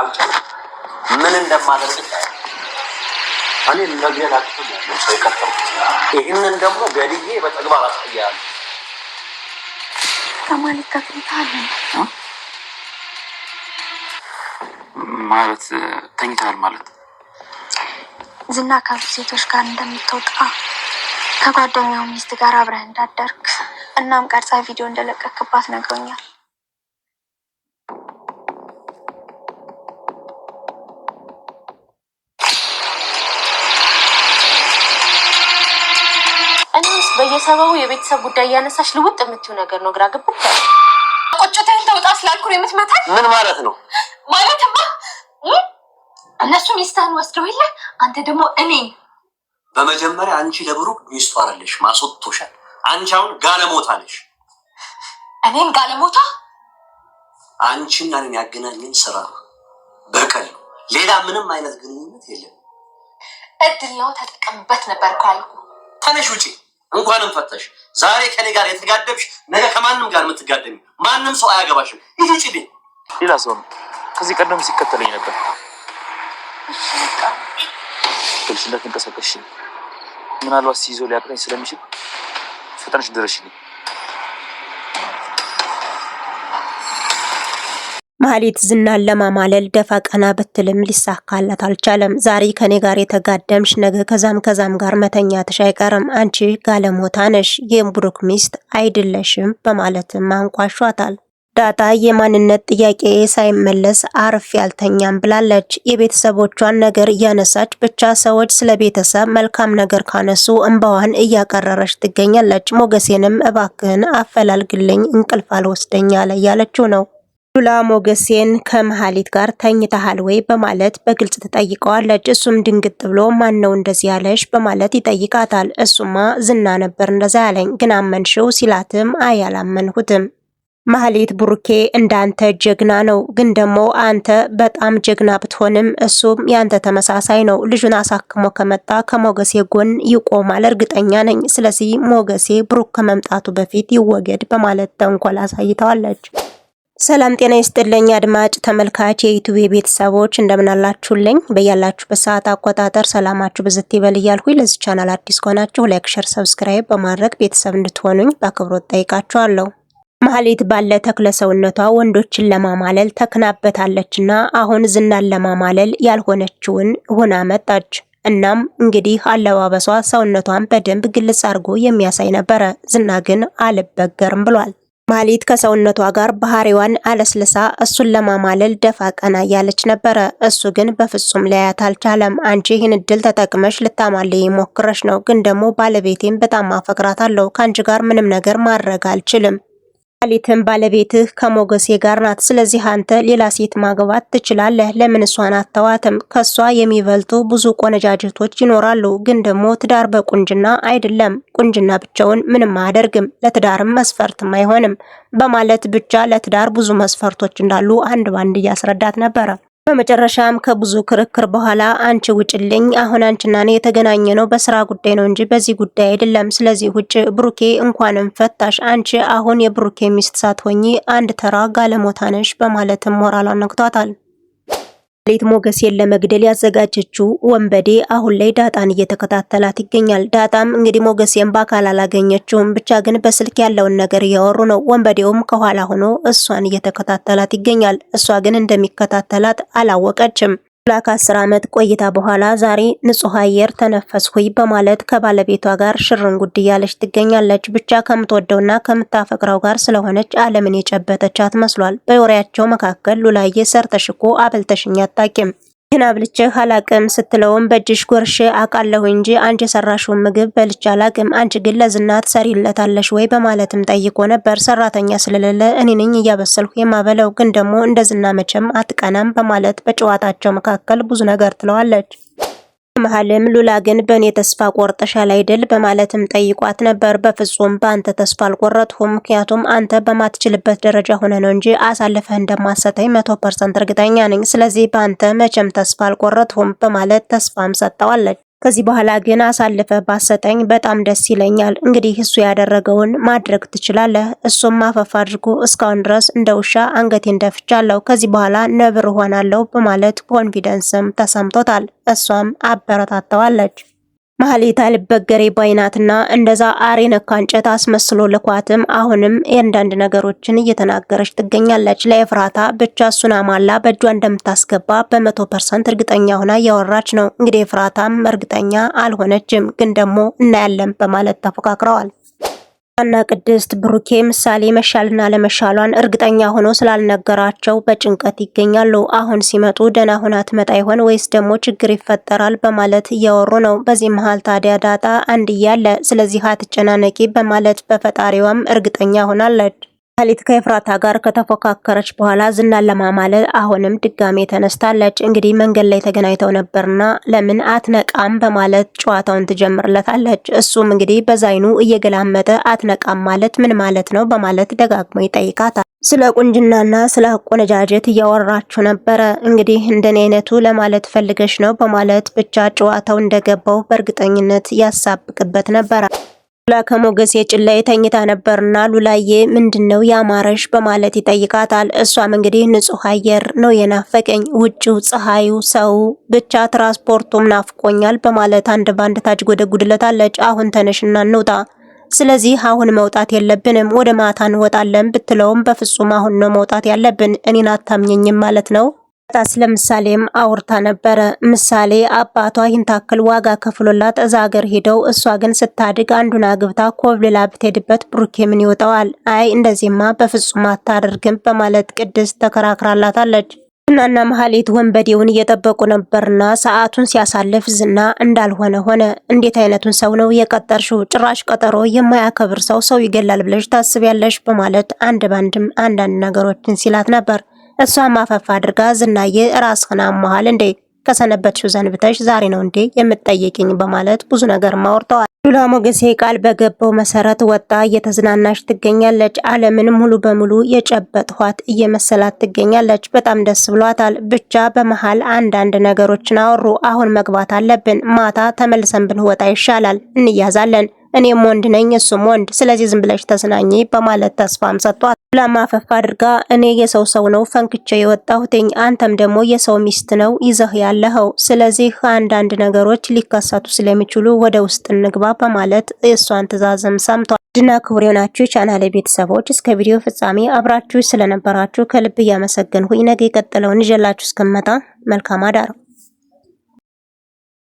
አልችልም። ምን እንደማደርግ እኔ መግደል አልችልም። ያለ ሰው የቀጠሩ ይህንን ደግሞ ገድዬ በተግባር አስቀያለሁ። ማለት ተኝታል ማለት ዝና ካሉ ሴቶች ጋር እንደምትወጣ ከጓደኛው ሚስት ጋር አብረህ እንዳደርግ እናም ቀርጻ ቪዲዮ እንደለቀክባት ነግሮኛል። በየሰበቡ የቤተሰብ ጉዳይ እያነሳሽ ልውጥ የምትይው ነገር ነው። ግራ ግብ ቁጭትህን ተውጣ ስላልኩ ነው የምትመታል። ምን ማለት ነው? ማለትማ እነሱ ሚስትህን ወስደው የለ አንተ ደግሞ እኔ በመጀመሪያ አንቺ ለብሩክ ሚስቱ አለሽ፣ ማስወጥቶሻል። አንቺ አሁን ጋለሞታ ነሽ። እኔም ጋለሞታ አንቺና እኔን ያገናኘን ስራ በቀል ነው። ሌላ ምንም አይነት ግንኙነት የለም። እድል ነው፣ ተጠቀምበት ነበር ካልኩ ተነሽ ውጪ። እንኳንም ፈተሽ። ዛሬ ከኔ ጋር የተጋደብሽ ነገ ከማንም ጋር የምትጋደሚ፣ ማንም ሰው አያገባሽም። ይህ ጭ ሌላ ሰው ነው። ከዚህ ቀደም ሲከተለኝ ነበር። ግልሽ እንዳትንቀሳቀሽ፣ ምናልባት ሲይዞ ሊያቅረኝ ስለሚችል ፈጠንሽ ድረሽልኝ። ማህሌት ዝናን ለማማለል ደፋ ቀና ብትልም ሊሳካለት አልቻለም። ዛሬ ከኔ ጋር የተጋደምሽ ነገ ከዛም ከዛም ጋር መተኛትሽ አይቀርም፣ አንቺ ጋለሞታ ነሽ፣ የምብሩክ ሚስት አይደለሽም በማለትም አንቋሿታል። ዳጣ የማንነት ጥያቄ ሳይመለስ አርፍ ያልተኛም ብላለች። የቤተሰቦቿን ነገር እያነሳች ብቻ ሰዎች ስለ ቤተሰብ መልካም ነገር ካነሱ እንባዋን እያቀረረች ትገኛለች። ሞገሴንም እባክህን አፈላልግልኝ እንቅልፍ አልወስደኝ አለ እያለችው ነው። ሉላ ሞገሴን ከመሀሊት ጋር ተኝተሃል ወይ በማለት በግልጽ ትጠይቀዋለች። እሱም ድንግጥ ብሎ ማን ነው እንደዚህ ያለሽ በማለት ይጠይቃታል። እሱማ ዝና ነበር እንደዛ ያለኝ ግን አመንሽው ሲላትም አይ አላመንሁትም። መሀሊት ብሩኬ እንዳንተ ጀግና ነው፣ ግን ደግሞ አንተ በጣም ጀግና ብትሆንም እሱም ያንተ ተመሳሳይ ነው። ልጁን አሳክሞ ከመጣ ከሞገሴ ጎን ይቆማል እርግጠኛ ነኝ። ስለዚህ ሞገሴ ብሩክ ከመምጣቱ በፊት ይወገድ በማለት ተንኮል አሳይተዋለች። ሰላም ጤና ይስጥልኝ አድማጭ ተመልካች የዩቲዩብ ቤተሰቦች እንደምናላችሁልኝ በያላችሁ በሰዓት አቆጣጠር ሰላማችሁ ብዝት ይበል እያልኩኝ ለዚህ ቻናል አዲስ ከሆናችሁ ላይክ፣ ሸር፣ ሰብስክራይብ በማድረግ ቤተሰብ እንድትሆኑኝ በአክብሮት ጠይቃችኋለሁ። ማህሌት ባለ ተክለ ሰውነቷ ወንዶችን ለማማለል ተክናበታለችና አሁን ዝናን ለማማለል ያልሆነችውን ሆና መጣች። እናም እንግዲህ አለባበሷ ሰውነቷን በደንብ ግልጽ አድርጎ የሚያሳይ ነበረ። ዝና ግን አልበገርም ብሏል። ማሊት ከሰውነቷ ጋር ባህሪዋን አለስልሳ እሱን ለማማለል ደፋ ቀና እያለች ነበረ። እሱ ግን በፍጹም ሊያያት አልቻለም። አንቺ ይህን እድል ተጠቅመሽ ልታማልይ ሞክረሽ ነው፣ ግን ደግሞ ባለቤቴን በጣም ማፈቅራት አለው። ከአንቺ ጋር ምንም ነገር ማድረግ አልችልም ሊትም ባለቤትህ ከሞገሴ ጋር ናት። ስለዚህ አንተ ሌላ ሴት ማግባት ትችላለህ። ለምን እሷን አተዋትም? ከሷ የሚበልጡ ብዙ ቆነጃጅቶች ይኖራሉ። ግን ደግሞ ትዳር በቁንጅና አይደለም። ቁንጅና ብቻውን ምንም አያደርግም፣ ለትዳርም መስፈርትም አይሆንም በማለት ብቻ ለትዳር ብዙ መስፈርቶች እንዳሉ አንድ ባንድ እያስረዳት ነበረ። በመጨረሻም ከብዙ ክርክር በኋላ አንቺ ውጭልኝ፣ አሁን አንቺና እኔ የተገናኘ ነው በስራ ጉዳይ ነው እንጂ በዚህ ጉዳይ አይደለም። ስለዚህ ውጭ። ብሩኬ እንኳንም ፈታሽ፣ አንቺ አሁን የብሩኬ ሚስት ሳትሆኚ አንድ ተራ ጋለሞታ ነሽ በማለትም ሞራሏን ነግቷታል። ሌት ሞገሴን ለመግደል ያዘጋጀችው ወንበዴ አሁን ላይ ዳጣን እየተከታተላት ይገኛል። ዳጣም እንግዲህ ሞገሴን በአካል አላገኘችውም፣ ብቻ ግን በስልክ ያለውን ነገር እያወሩ ነው። ወንበዴውም ከኋላ ሆኖ እሷን እየተከታተላት ይገኛል። እሷ ግን እንደሚከታተላት አላወቀችም። ሉላ ከአስር ዓመት ቆይታ በኋላ ዛሬ ንጹህ አየር ተነፈስኩኝ በማለት ከባለቤቷ ጋር ሽርን ጉድ እያለች ትገኛለች። ብቻ ከምትወደውና ከምታፈቅረው ጋር ስለሆነች ዓለምን የጨበጠቻት መስሏል። በወሬያቸው መካከል ሉላዬ ሰርተሽኮ እኮ አበልተሽኝ አታውቂም ይህን አብልቼህ አላቅም ስትለውም በእጅሽ ጎርሼ አውቃለሁ እንጂ አንቺ የሰራሽውን ምግብ በልቼ አላቅም፣ አንቺ ግን ለዝና ትሰሪለታለሽ ወይ በማለትም ጠይቆ ነበር። ሰራተኛ ስለሌለ እኔ ነኝ እያበሰልሁ የማበለው፣ ግን ደግሞ እንደ ዝና መቼም አትቀናም በማለት በጨዋታቸው መካከል ብዙ ነገር ትለዋለች። መሐልም ሉላ ግን በእኔ ተስፋ ቆርጠሻል አይደል? በማለትም ጠይቋት ነበር። በፍጹም በአንተ ተስፋ አልቆረጥሁም፣ ምክንያቱም አንተ በማትችልበት ደረጃ ሆነ ነው እንጂ አሳልፈህ እንደማሰጠኝ መቶ ፐርሰንት እርግጠኛ ነኝ። ስለዚህ በአንተ መቼም ተስፋ አልቆረጥሁም በማለት ተስፋም ሰጠዋለች። ከዚህ በኋላ ግን አሳልፈ ባሰጠኝ በጣም ደስ ይለኛል። እንግዲህ እሱ ያደረገውን ማድረግ ትችላለህ። እሱም አፈፍ አድርጎ እስካሁን ድረስ እንደ ውሻ አንገቴን ደፍቻለሁ፣ ከዚህ በኋላ ነብር እሆናለሁ በማለት ኮንፊደንስም ተሰምቶታል። እሷም አበረታተዋለች። ማህሌት አልበገሬ ባይናትና እንደዛ አሬ ነካ እንጨት አስመስሎ ልኳትም አሁንም የአንዳንድ ነገሮችን እየተናገረች ትገኛለች። ለኤፍራታ ብቻ እሱን አማላ በእጇ እንደምታስገባ በመቶ ፐርሰንት እርግጠኛ ሆና እያወራች ነው። እንግዲህ ኤፍራታም እርግጠኛ አልሆነችም፣ ግን ደግሞ እናያለን በማለት ተፎካክረዋል። ዳጣና ቅድስት ብሩኬ ምሳሌ መሻልና ለመሻሏን እርግጠኛ ሆኖ ስላልነገራቸው በጭንቀት ይገኛሉ። አሁን ሲመጡ ደህና ሆና ትመጣ ይሆን ወይስ ደግሞ ችግር ይፈጠራል በማለት እያወሩ ነው። በዚህ መሀል ታዲያ ዳጣ አንድ እያለ ስለዚህ አትጨናነቂ በማለት በፈጣሪዋም እርግጠኛ ሆናለች። ሀሊት ከኤፍራታ ጋር ከተፎካከረች በኋላ ዝናን ለማማለል አሁንም ድጋሜ ተነስታለች። እንግዲህ መንገድ ላይ ተገናኝተው ነበርና ለምን አትነቃም በማለት ጨዋታውን ትጀምርለታለች። እሱም እንግዲህ በዛይኑ እየገላመጠ አትነቃም ማለት ምን ማለት ነው በማለት ደጋግሞ ይጠይቃታል። ስለ ቁንጅናና ስለ አቆነጃጀት እያወራችሁ ነበረ፣ እንግዲህ እንደኔ አይነቱ ለማለት ፈልገሽ ነው በማለት ብቻ ጨዋታው እንደገባው በእርግጠኝነት ያሳብቅበት ነበር ሉላ ከሞገሴ ጭን ላይ ተኝታ ነበርና ሉላዬ ምንድን ነው ያማረሽ በማለት ይጠይቃታል። እሷም እንግዲህ ንጹህ አየር ነው የናፈቀኝ፣ ውጭው፣ ፀሐዩ፣ ሰው ብቻ ትራንስፖርቱም ናፍቆኛል በማለት አንድ ባንድ ጎደጉድለታለች። አሁን ተነሽና እንውጣ፣ ስለዚህ አሁን መውጣት የለብንም ወደ ማታ እንወጣለን ብትለውም በፍጹም አሁን ነው መውጣት ያለብን እኔን አታምኘኝም ማለት ነው ስለ ምሳሌም አውርታ ነበረ። ምሳሌ አባቷ ይህን ታክል ዋጋ ከፍሎላት እዛ ሀገር ሄደው እሷ ግን ስታድግ አንዱን አግብታ ኮብልላ ብትሄድበት ብሩኬ ምን ይወጣዋል? አይ እንደዚህማ በፍጹም አታደርግም በማለት ቅድስት ተከራክራላታለች። ዝናና መሀሌት ወንበዴውን እየጠበቁ ነበርና ሰዓቱን ሲያሳልፍ ዝና እንዳልሆነ ሆነ። እንዴት አይነቱን ሰው ነው የቀጠርሽው? ጭራሽ ቀጠሮ የማያከብር ሰው ሰው ይገላል ብለሽ ታስቢያለሽ? በማለት አንድ ባንድም አንዳንድ ነገሮችን ሲላት ነበር። እሷም አፈፋ አድርጋ ዝናዬ ራስህን አመሃል እንዴ ከሰነበትሽ ዘንብተሽ ዛሬ ነው እንዴ የምትጠይቅኝ? በማለት ብዙ ነገር ማውርተዋል። ሉላ ሞገሴ ቃል በገባው መሰረት ወጣ እየተዝናናች ትገኛለች። አለምን ሙሉ በሙሉ የጨበጥኋት እየመሰላት ትገኛለች። በጣም ደስ ብሏታል። ብቻ በመሃል አንዳንድ ነገሮችን አወሩ። አሁን መግባት አለብን። ማታ ተመልሰን ብንወጣ ይሻላል። እንያዛለን። እኔም ወንድ ነኝ፣ እሱም ወንድ። ስለዚህ ዝም ብለሽ ተዝናኚ በማለት ተስፋም ሰጥቷል። ብላ አድርጋ እኔ የሰው ሰው ነው ፈንክቼ የወጣሁትኝ፣ አንተም ደግሞ የሰው ሚስት ነው ይዘህ ያለኸው። ስለዚህ አንዳንድ ነገሮች ሊከሰቱ ስለሚችሉ ወደ ውስጥ እንግባ በማለት የእሷን ትዕዛዝም ሰምቷል። ድና ክቡር የሆናችሁ የቻናሌ ቤተሰቦች እስከ ቪዲዮ ፍጻሜ አብራችሁ ስለነበራችሁ ከልብ እያመሰገንሁኝ ነገ የቀጠለውን ይዤላችሁ እስከመጣ መልካም አዳር።